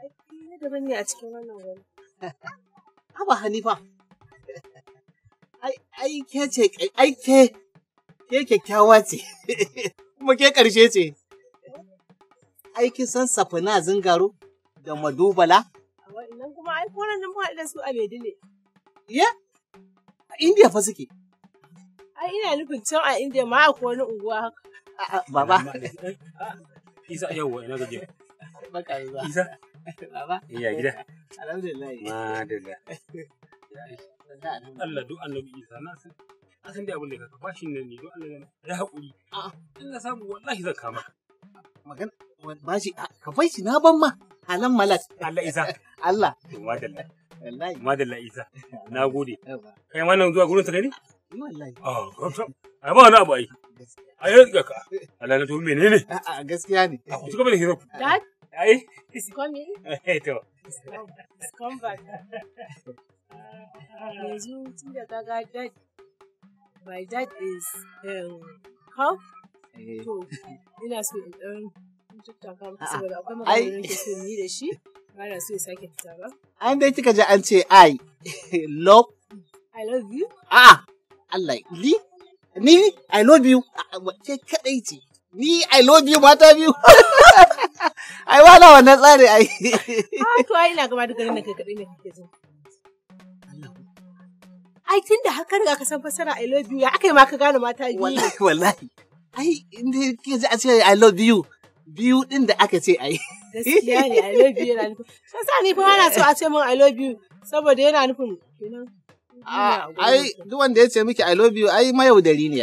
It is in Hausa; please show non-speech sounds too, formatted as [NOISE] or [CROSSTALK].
Ai, daban ne a cikin wannan gari. Haba Hanifa. Ai, ai ke ce, ai ke, ke kyakkyawa ce, kuma ke ƙarshe ce. Ai, kin san safina zingaro da madubala? Wa'innan kuma ai koran nan da su a Bedile. Ya? A Indiya fa suke. Ai, ina nufin can a Indiya ma akwai wani unguwa haka. Baba. Isa yau ina gajiya. baka yi isa [LAUGHS] baba iya gida [LAUGHS] alhamdulillah [LAUGHS] Allah duk annabi isa na san a san dai abin da ka kafa shi ne duk Allah ya haƙuri a'a samu wallahi zan kama magana ba shi ka shi na ban ma Allah isa Allah madalla wallahi madalla isa na gode kai ma nan zuwa gurin gani wallahi ah, ai ba ai ga ka Allah na to menene gaskiya ne ah, a Aí. He's [LAUGHS] coming. to. He's come back. Yanzu da kaga dad, my dad is um, how? To, ina so in ɗan tattaka maka saboda akwai magana da nake so ni da shi, ba An dai kika ji an ce I love. I love you. Ah, Allah, ni? Ni? I love you. Ke kaɗai ce. Ni I love you mata biyu. [LAUGHS] ana wannan tsari ai. Ha [LAUGHS] ah, to ai ina gama da garin da kai ne kake zo. Ai tun da har ka riga ka san fassara I love you ya aka yi ma ka gane mata biyu. Wallahi wallahi. Ai inda kike ji a ce I love you biyu din da aka ce ai. Gaskiya ne I love you yana nufin. ni a ce min I love you ah, ya ce miki I love ai mayaudari